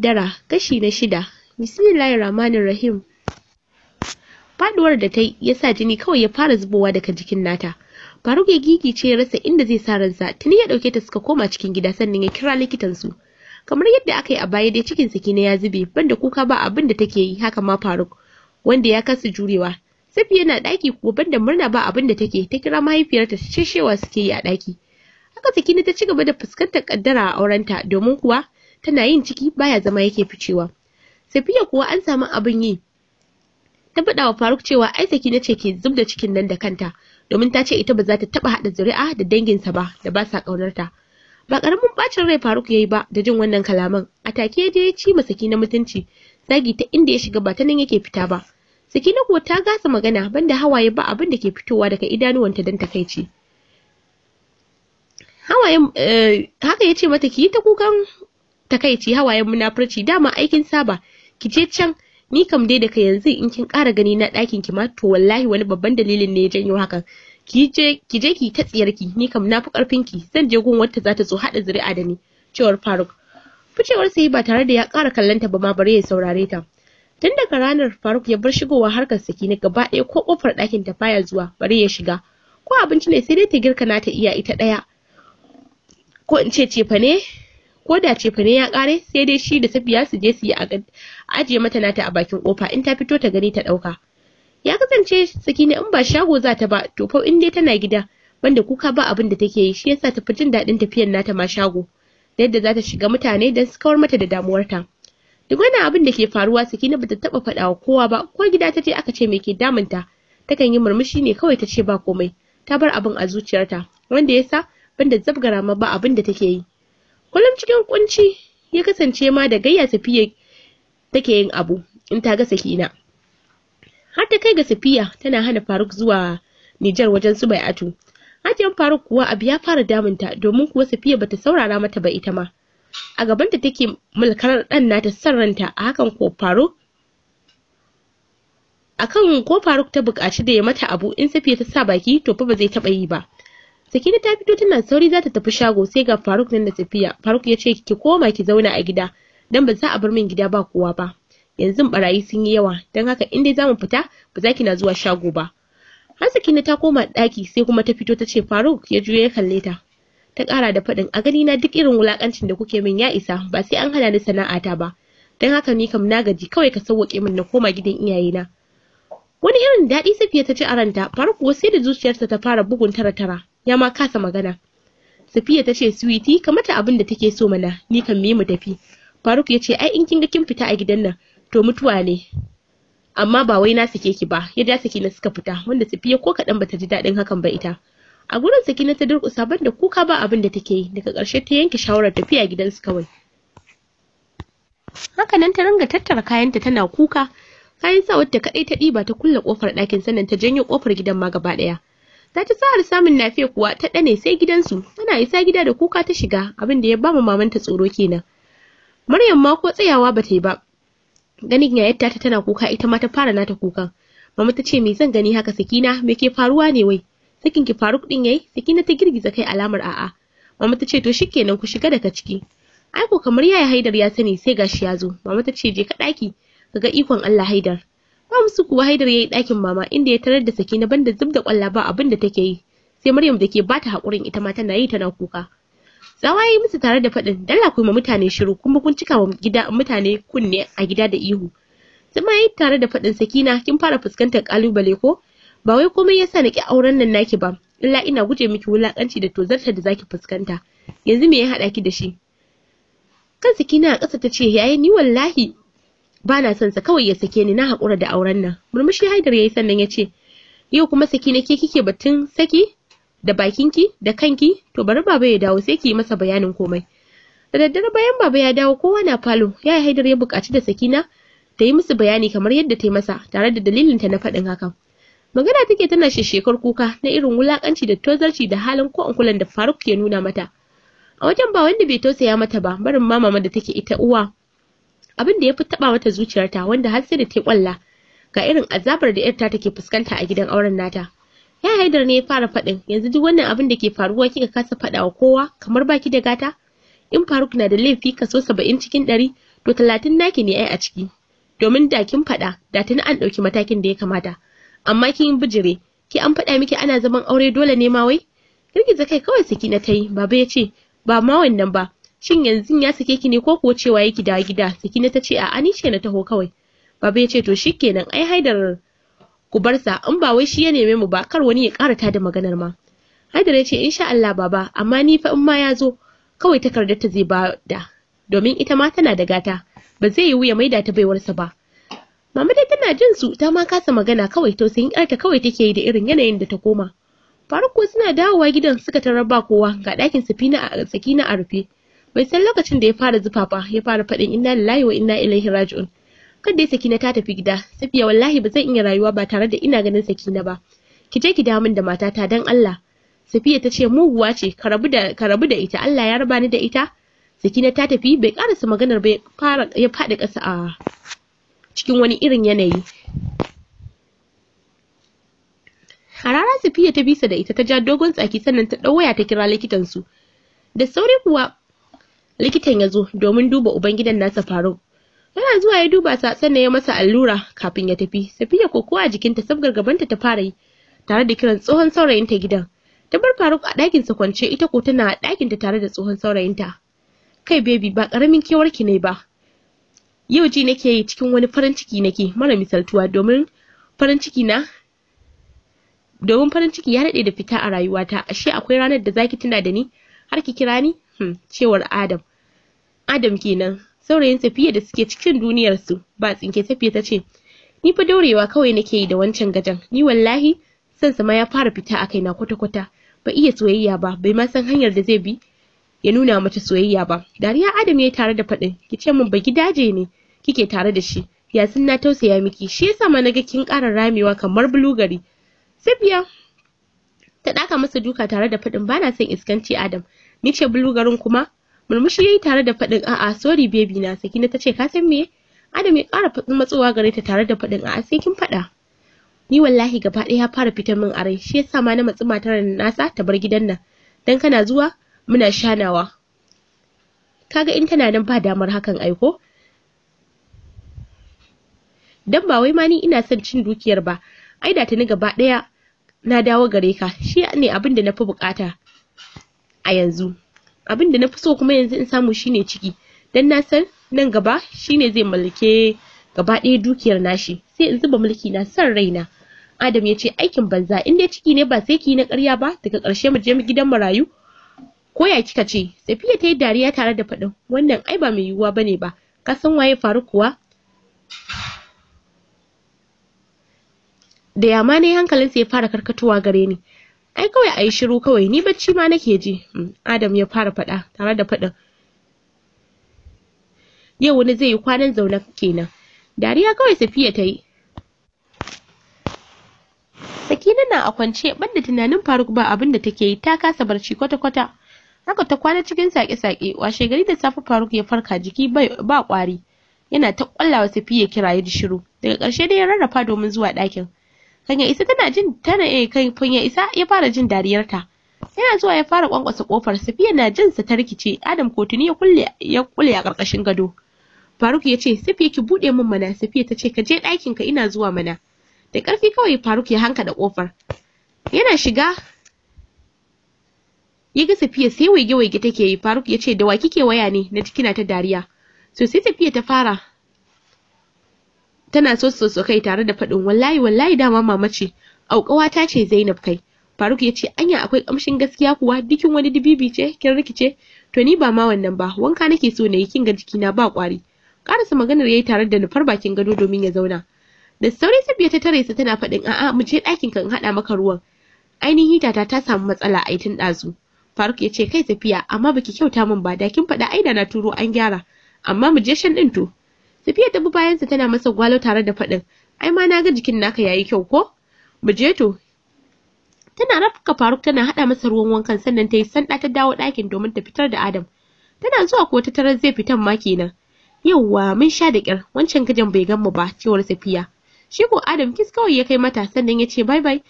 Dara, Kashi na shida rahim. Faduwar da ta yi ya sa jini kawai ya fara zubowa daga jikin nata. Faruk ya gigice ya rasa inda zai sa ransa, tuni ya dauke ta suka koma cikin gida sannan ya kira likitan su Kamar yadda aka yi a baya dai cikin sakina ya zube, banda kuka ba abin da take yi haka ma Faruk, wanda ya kasa jurewa. Safi yana daki kuwa banda murna ba abin da take, ta kira mahaifiyarta sheshewa suke yi a daki. Haka sakina ta ci gaba da fuskantar kaddara a aurenta domin kuwa tana yin ciki baya zama yake ficewa safiya kuwa an samu abin yi ta faɗa wa faruk cewa ai na ce ke zub da cikin nan da kanta domin ta ce ita ba za ta taɓa haɗa zuri'a da danginsa ba da ba sa ƙaunarta ba ƙaramin bacin rai faruk ya yi ba da jin wannan kalaman a take je ya ci ma na mutunci zagi ta inda ya shiga ba ta nan yake fita ba sakina kuwa ta gasa magana banda hawaye ba abin da ke fitowa daga idanuwanta don takaici hawaye eh, haka ya ce mata ki yi ta kukan takaici hawayen munafurci dama aikin saba ki je can ni kam dai daga yanzu in kin ƙara gani na ɗakin ki ma to wallahi wani babban dalilin ne ya janyo hakan ki je ki je ki ta tsiyarki ni kam na fi ƙarfin ki zan je gun wata za ta zo haɗa zuri'a da ni cewar Faruk ficewar sai ba tare da ya ƙara kallanta ba ma bare ya saurare ta tun daga ranar Faruk ya bar shigowa harkar saki na gaba ɗaya ko kofar ɗakin ta baya zuwa bare ya shiga ko abinci ne sai dai ta girka na ta iya ita ɗaya ko in ce cefa ne Koda da ce ne ya kare sai dai shi da safiya su je su yi a aje mata nata a bakin kofa in ta fito ta gani ta dauka ya kasance sakina in ba shago za ta ba to fa in dai tana gida banda kuka ba abin da take yi shi yasa ta fi jin daɗin tafiyar nata ma shago da yadda za ta shiga mutane dan su kawar mata da damuwarta duk wani abin da ke faruwa sakina bata taba faɗa wa kowa ba ko gida ta je aka ce me ke damunta takan yi murmushi ne kawai ta ce ba komai ta bar abin a zuciyarta wanda yasa banda zabgara ma ba abin da take yi kullum cikin kunci ya kasance ma da gayya safiya take yin abu in ta ga sakina har ta kai ga safiya tana hana faruk zuwa nijar wajen su 'yatu. Hajiyar faruk kuwa abu ya fara damunta domin kuwa safiya bata saurara mata ba ita ma a gabanta take mulkar dan nata san ranta a hakan ko faruk akan ko faruk ta buƙaci da ya mata abu in safiya ta sa baki to fa ba zai taɓa yi ba sakina ta fito tana sauri za ta tafi shago sai ga faruk nan da tafiya faruk ya ce ki koma ki zauna a gida dan ba za a bar min gida ba kowa ba yanzu barayi sun yi yawa dan haka in dai zamu fita ba za ki na zuwa shago ba har sakina ta koma ɗaki sai kuma ta fito ta ce faruk ya juya ya kalle ta ta ƙara da faɗin a gani na duk irin wulakancin da kuke min ya isa ba sai an hana ni sana'ata ba don haka ni kam na gaji kawai ka sauwaƙe min na koma gidan iyayena wani irin daɗi safiya ta ci a ranta faruk kuwa sai da zuciyarsa ta fara bugun tara tara ya ma kasa magana Safiya ta ce Suwiti ka mata abin da take so mana ni kan me mu tafi Faruk ya ce ai in kin ga kin fita a gidan nan to mutuwa ne amma ba wai na sake ki ba ya saki na suka fita wanda Safiya ko kadan bata ji dadin hakan ba ita a gurin saki na ta durkusa da kuka ba abin da take yi daga ƙarshe ta yanke shawarar tafiya gidansu kawai haka nan ta ringa tattara kayanta tana kuka kayan sa wadda kadai ta ɗiba ta kulle kofar ɗakin sannan ta janyo kofar gidan ma gaba ɗaya ta ci sa'ar samun nafe kuwa ta ɗane sai gidansu tana isa gida da kuka ta shiga abin da ya ba ma mamanta tsoro kenan maryam ma ko tsayawa ba ta yi ba ganin yayarta ta tana kuka ita ma ta fara nata kukan mama ta ce me zan gani haka sakina me ke faruwa ne wai sakin ki faru kudin yayi sakina ta girgiza kai alamar a'a mama ta ce to shikenan ku shiga daga ciki ai ko kamar yaya haidar ya sani sai gashi ya zo mama ta ce je ka daki kaga ikon Allah haidar musu kuwa Haidar yayi ɗakin mama inda ya tarar da Sakina banda zub da kwalla ba abin da take yi. Sai Maryam da ke bata hakurin ita ma tana yi tana kuka. Tsawa yayi musu tare da faɗin dalla ku ma mutane shiru kuma kun cika wa gida mutane kunne a gida da ihu. Zama yayi tare da faɗin Sakina kin fara fuskantar kalubale ko? Ba wai komai yasa na ki auren nan naki ba. Illa ina guje miki wulakanci da tozarta da zaki fuskanta. Yanzu me ya haɗa ki da shi? Kan Sakina a ƙasa ta ce yayi ni wallahi ba na son sa kawai ya sake ni na haƙura da auren nan murmushi haidar ya yi sannan ya ce yau kuma saki na ke kike batun saki da bakinki da kanki to bari baba ya dawo sai ki yi masa bayanin komai da daddare bayan baba ya dawo kowa na falo ya yi haidar ya buƙaci da sakina ta yi musu bayani kamar yadda ta yi masa tare da dalilinta na faɗin hakan magana take tana shekar kuka na irin wulakanci da tozarci da halin ko kulan da faruk ya nuna mata a wajen ba wanda bai tausaya mata ba barin ma mama da take ita uwa abin da ya fi taba mata zuciyarta wanda har sai da ta kwalla ga irin azabar da yarta take fuskanta a gidan auren nata ya haidar ne ya fara faɗin yanzu duk wannan abin da ke faruwa kika kasa faɗa wa kowa kamar baki da gata in faruk na da laifi kaso saba'in cikin ɗari to talatin naki ne ai a ciki domin da kin faɗa da tuni an ɗauki matakin da ya kamata amma kin bijire ki an faɗa miki ana zaman aure dole ne ma wai girgiza kai kawai saki na ta yi baba ya ce ba ma wannan ba shin yanzu ya sake ki ne ko kuwa cewa yake da gida sakina ta ce a'a ni ce na taho kawai baba ya ce to shikenan ai haidar ku bar sa in ba wai shi ya neme mu ba kar wani ya karata da maganar ma haidar ya ce insha Allah baba amma ni fa in ma ya zo kawai takardar ta zai ba da domin ita ma tana da gata ba zai yi wuya maida ta baiwarsa ba mama dai tana jin su ta ma kasa magana kawai tausayin yarta kawai take yi da irin yanayin da ta koma Faruk suna dawowa gidan suka tarar ba kowa ga ɗakin safina a tsakina a rufe bai san lokacin da ya fara zufa ba ya fara faɗin inna lillahi wa inna ilaihi raji'un kan dai sakina ta tafi gida safiya wallahi ba zan iya rayuwa ba tare da ina ganin sakina ba ki je ki dawo min da matata dan Allah safiya ta ce muguwa ce ka rabu da ka rabu da ita Allah ya raba ni da ita sakina ta tafi bai karasa maganar ba ya fara ya faɗi ƙasa a cikin wani irin yanayi a rana safiya ta bisa da ita ta ja dogon tsaki sannan ta ɗau ta kira likitan su da sauri kuwa likitan ya zo domin duba ubangidan nasa faruk yana zuwa ya duba ta sannan ya masa allura kafin ya tafi safiya ko kowa jikinta sab gabanta ta fara yi tare da kiran tsohon saurayinta gidan ta bar faruk a ɗakin sa kwance ita ko tana ɗakin ta tare da tsohon saurayinta kai bebi, ba ƙaramin kewar ki ne ba yau ji nake yi cikin wani farin ciki nake mara misaltuwa domin farin ciki na domin farin ciki ya dade da fita a rayuwata ashe akwai ranar da zaki tuna da ni har ki kira ni hmm, cewar adam Adam kenan saurayin tafiya da suke cikin duniyar su ba tsinke tafiya ta ce ni fa daurewa kawai nake yi da wancan gajan ni wallahi san ma ya fara fita a kaina kwata kwata ba iya soyayya ba bai ma san hanyar da zai bi ya nuna mata soyayya ba dariya Adam ya tare da faɗin ki ce min ba gidaje ne kike tare da shi ya sun na tausaya miki shi yasa ma naga kin ƙara ramewa kamar bulugari Safiya ta ɗaka masa duka tare da faɗin bana son iskanci Adam ni ce bulugarin kuma murmushi yayi tare da faɗin a'a sorry baby na sakina tace ka san me Adam ya ƙara matsowa gare ta tare da faɗin a'a sai kin faɗa ni wallahi gaba ɗaya ya fara fita min a rai shi yasa ma na matsi matar nasa ta bar gidan nan dan kana zuwa muna shanawa kaga in tana nan ba damar hakan aiko dan ba wai ma ni ina son cin dukiyar ba ai da tuni gaba ɗaya na dawo gare ka shi ne abin da na fi bukata a yanzu abin da na fi so kuma yanzu in samu shine ciki dan na san nan gaba shine zai mallake gaba ɗaya dukiyar nashi sai in zuba mulki na san raina Adam ya ce aikin banza in dai ciki ne ba sai ki na ƙarya ba daga ƙarshe mu je gidan marayu Koya kika ce Safiya ta yi dariya tare da faɗin wannan ai ba mai yiwuwa bane ba ka san waye faru kuwa da yama ne hankalinsa ya fara karkatowa gare ni ai kawai a shiru kawai ni bacci ma nake ji mm, adam ya fara faɗa tare da faɗin yau wani zai yi kwanan zaune kenan dariya kawai safiya ta yi sakina na a kwance banda tunanin faruk ba abin da take yi ta kasa barci kwata-kwata haka ta kwana cikin sake-sake washe gari da safe faruk ya farka jiki ba kwari yana ta kwallawa safiya kira ya shiru daga ƙarshe dai ya rarrafa domin zuwa ɗakin kan ya isa tana jin tana eh kan ya isa ya fara jin dariyarta yana zuwa ya fara kwankwasa kofar safiya na jin sa ta rikice adam kotuni ya kulle ya kulle a karkashin gado faruk ya ce safiya ki bude min mana safiya ta ce ka je ɗakin ka ina zuwa mana da ƙarfi kawai faruk ya hanka da kofar yana shiga ya ga safiya sai waige waige take yi faruk ya ce da wa kike waya ne na kina ta dariya so sai safiya ta fara tana so soso kai tare da faɗin wallahi wallahi dama mama ce Aukawa ta ce Zainab kai Faruk ya ce anya akwai kamshin gaskiya kuwa dukin wani dibibi ce kin rikice to ni ba ma wannan ba wanka nake so na yi kin ga jikina ba kwari karasa maganar yayi tare da nufar bakin gado domin ya zauna da sauri sabiya ta tare sa tana faɗin a'a mu je ɗakin kan haɗa maka ruwan ainihin hitata ta samu matsala a tun ɗazu Faruk ya ce kai safiya, amma baki kyauta min ba da kin faɗa aida na turo an gyara amma mu je shan ɗin to Safiya ta bi bayansa tana masa gwalo tare da faɗin, ai ma na ga jikin naka yayi kyau ko? Mu to. Tana rafka Faruk tana haɗa masa ruwan wankan sannan ta yi sanda ta dawo ɗakin domin ta fitar da Adam. Tana zuwa ko ta tarar zai fitan ma kenan. Yawwa mun sha da kyar. wancan gajan bai gan mu ba cewar Safiya. Shi ko Adam kis kawai ya kai mata sannan ya ce bye bye.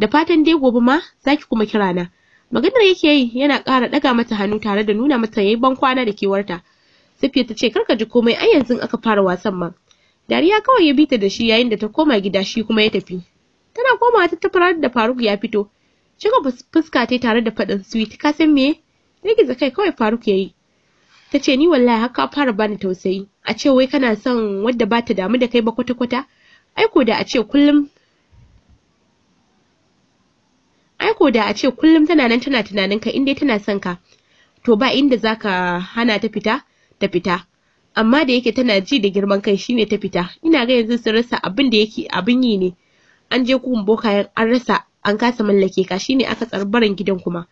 Da fatan dai gobe ma zaki kuma kira na. Maganar yake yi yana ƙara ɗaga mata hannu tare da nuna mata yayi ban kwana da kewarta. Safiya ta ce kar ka ji komai ai yanzu aka fara wasan ma. Dariya kawai ya bi ta da shi yayin da ta koma gida shi kuma ya tafi. Tana komawa ta tafarar da Faruk ya fito. Cika fuska ta tare da faɗin sweet ka san me? Rigiza kai kawai Faruk yayi yi. Ta ce ni wallahi haka fara bani tausayi. A ce wai kana son wadda ba ta damu da kai ba kwata-kwata? Aiko da a ce kullum aiko da a ce kullum tana nan tana tunanin ka inda tana son ka to ba inda zaka hana ta fita ta fita amma da yake tana ji da girman kai shine ta fita ina ga yanzu sun rasa abin da yake abin yi ne an je kun yan an rasa an kasa mallake ka shine aka tsarbaran gidan kuma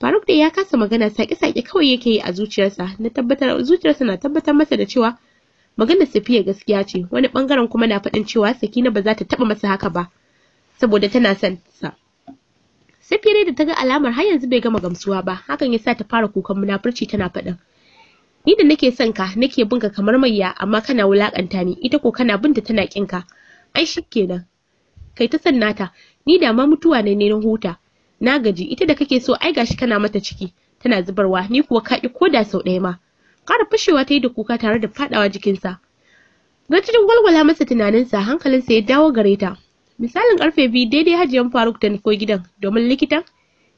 Faruk da ya kasa magana sake-sake kawai yake yi a zuciyarsa na tabbatar zuciyarsa na tabbatar masa da cewa maganar Safiya gaskiya ce wani bangaren kuma na faɗin cewa Sakina ba za ta taba masa haka ba saboda tana son sa Safiya da ta ga alamar har yanzu bai gama gamsuwa ba hakan ya sa ta fara kukan munafurci tana faɗin ni da nake son ka nake bin ka kamar mayya amma kana wulakanta ni ita ko kana ta tana kinka ka ai shikenan kai ta san nata ni da ma mutuwa ne ne na huta na gaji ita da kake so ai gashi kana mata ciki tana zubarwa ni kuwa kaɗi ko da sau ɗaya ma ƙara fashewa ta yi da kuka tare da faɗawa jikinsa Gajin walwala masa tunaninsa hankalinsa ya dawo gare ta. Misalin karfe biyu daidai hajiyan Faruk ta nufo gidan domin likitan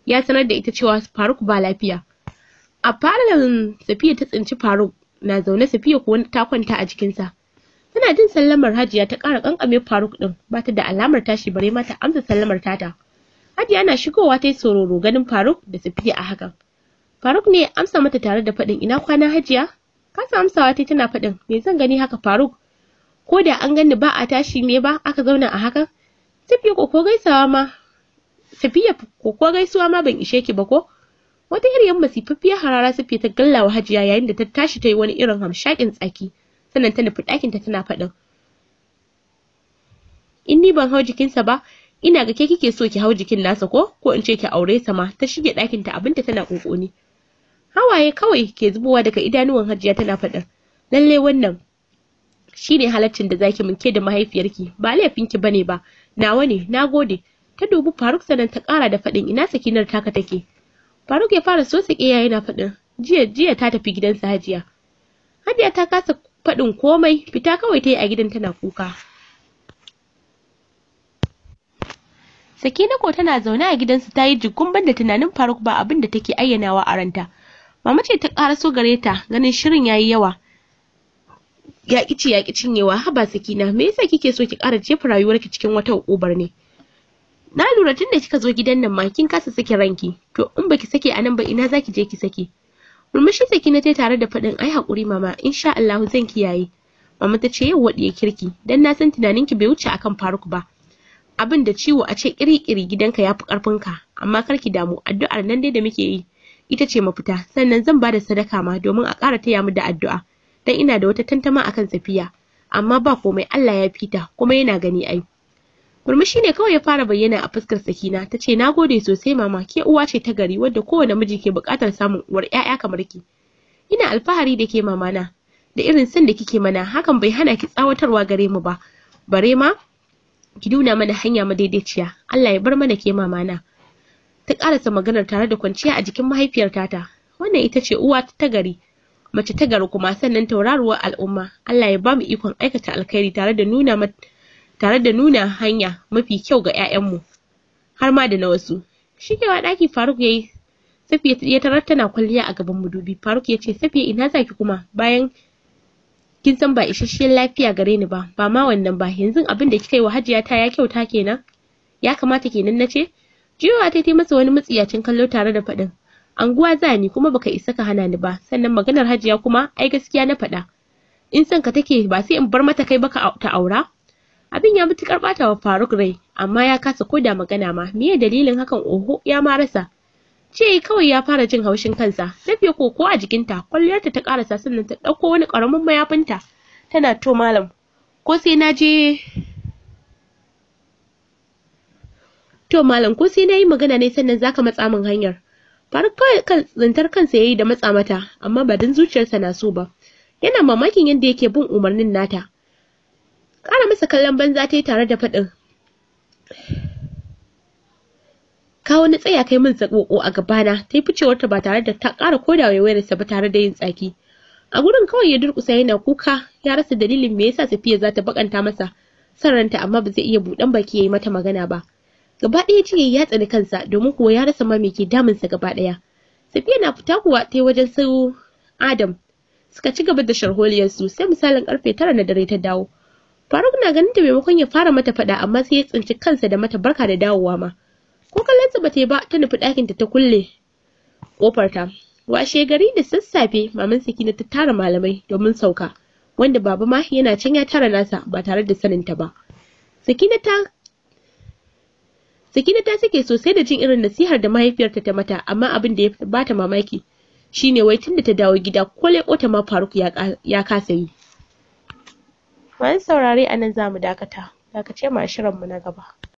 ya sanar da ita cewa Faruk ba lafiya. a falon safiya ta tsinci faruk na zaune safiya kuwa ta kwanta a jikinsa tana jin sallamar hajiya ta ƙara kankame faruk ɗin ba ta da alamar tashi bare ma ta amsa sallamar tata hajiya na shigowa ta yi sororo ganin faruk da safiya a hakan faruk ne amsa mata tare da faɗin ina kwana hajiya kasa amsawa ta tana faɗin me zan gani haka faruk ko da an gani ba a tashi me ba aka zauna a hakan safiya ko gaisawa ma safiya ko gaisuwa ma ban ishe ki ba ko wata iriyar masifaffiyar harara sufiya ta gallawa hajiya yayin da ta tashi ta yi wani irin hamshakin tsaki sannan ta nufi ɗakinta tana faɗin in ni ban hau jikinsa ba ina ga ke kike so ki hau jikin nasa ko ko in ce ki aure sa ma ta shige ɗakinta abinta tana ƙoƙoni hawaye kawai ke zubowa daga idanuwan hajiya tana faɗin lallai wannan shine halaccin da zaki min ke da mahaifiyarki ba laifinki bane ba nawa ne nagode ta dubi faruk sannan ta ƙara da faɗin ina sakinar taka take Faruk ya fara sosike yayi na faɗin jiya jiya ta tafi gidansa Hajiya. Hajiya ta kasa faɗin komai fita kawai ta yi a gidan tana kuka. Sakina ko tana zaune a gidansu ta yi jikun banda tunanin Faruk ba abin da take ayyanawa a ranta. Mama ce ta so gare ta ganin shirin yayi yawa. Ya ce ya ƙi cinyewa haba Sakina me yasa kike so ki ƙara jefa rayuwarki cikin wata uƙubar ne? na lura da kika zo gidan nan ma kin kasa sake ranki to in baki sake a nan ba ina zaki je ki sake murmushi saki na tai tare da faɗin ai haƙuri mama insha Allah zan kiyaye mama ta ce yau waɗiye kirki dan na san tunanin ki bai wuce akan Faruk ba abin da ciwo a ce kirki-kiri gidanka ya fi ka amma kar ki damu addu'ar nan dai da muke yi ita ce mafita sannan zan bada sadaka ma domin a ƙara taya mu da addu'a dan ina da wata tantama akan safiya amma ba komai Allah ya fita kuma yana gani ai murmushi ne kawai ya fara bayyana a fuskar sakina ta ce na gode sosai mama ke uwa ce ta gari wadda kowane miji ke buƙatar samun uwar 'ya'ya kamar ki ina alfahari da ke mamana da irin sun da kike mana hakan bai hana ki tsawatarwa gare mu ba bare ma ki nuna mana hanya madaidaiciya Allah ya bar mana ke mamana ta karasa maganar tare da kwanciya a jikin mahaifiyar tata wannan ita ce uwa ta gari mace ta gari kuma sannan tauraruwar al'umma Allah ya ba mu ikon aikata alkhairi tare da nuna mata tare da nuna hanya mafi kyau ga 'ya'yanmu har ma da na wasu shigewa ɗaki faruk yayi safiya ya tarar tana kwalliya a gaban madubi faruk ya ce safiya ina zaki kuma bayan kin san ba isasshen lafiya gare ni ba ba ma wannan ba yanzu abin da kika yi wa hajiya ta ya kyauta kenan ya kamata kenan na ce jiyowa ta yi masa wani matsiyacin kallo tare da faɗin anguwa za ni kuma baka isa ka hana ni ba sannan maganar hajiya kuma ai gaskiya na faɗa in son ka take ba sai in bar mata kai baka ta aura abin ya mutukar bata wa faruk rai amma ya kasa koda magana ma meye dalilin hakan oho ya ma rasa ce kawai ya fara jin haushin kansa Tafi koko a jikinta kwalliyarta ta karasa sannan ta ɗauko wani ƙaramin mayafinta tana to malam ko sai na je to malam ko sai na yi magana ne sannan zaka matsa min hanyar faruk kawai zantar kansa ya yi da matsa mata amma ba don zuciyarsa na so ba yana mamakin yadda yake bin umarnin nata ƙara masa kallon banza ta yi tare da faɗin kawo na tsaya kai min zaƙoƙo a gabana ta yi ficewarta ba tare da ta ƙara koda waiwayarsa ba tare da yin tsaki a gurin kawai ya durƙusa yana kuka ya rasa dalilin me yasa safiya za ta bakanta masa son ranta amma ba zai iya buɗan baki ya yi mata magana ba gaba ɗaya ce ya tsani kansa domin kuwa ya rasa ma me ke damunsa gaba ɗaya safiya na fita kuwa ta yi wajen su adam suka ci gaba da su, sai misalin ƙarfe tara na dare ta dawo Faruk na ganin ta maimakon ya fara mata faɗa amma sai ya tsinci kansa da mata barka da dawowa ma. Ko kallon ba ta yi ba ta nufi ɗakin ta ta kulle ƙofar ta. Washe gari da sassafe maman Sakina ta tara malamai domin sauka wanda baba ma yana can ya tara nasa ba tare da saninta ba. Sakina ta Sakina ta sake sosai da jin irin nasihar da mahaifiyarta ta mata amma abin da ya bata mamaki shine wai tunda ta dawo gida ko leƙota ma Faruk ya kasa yi. Masu saurare a nan za mu dakata, dakace mu a shirinmu na gaba.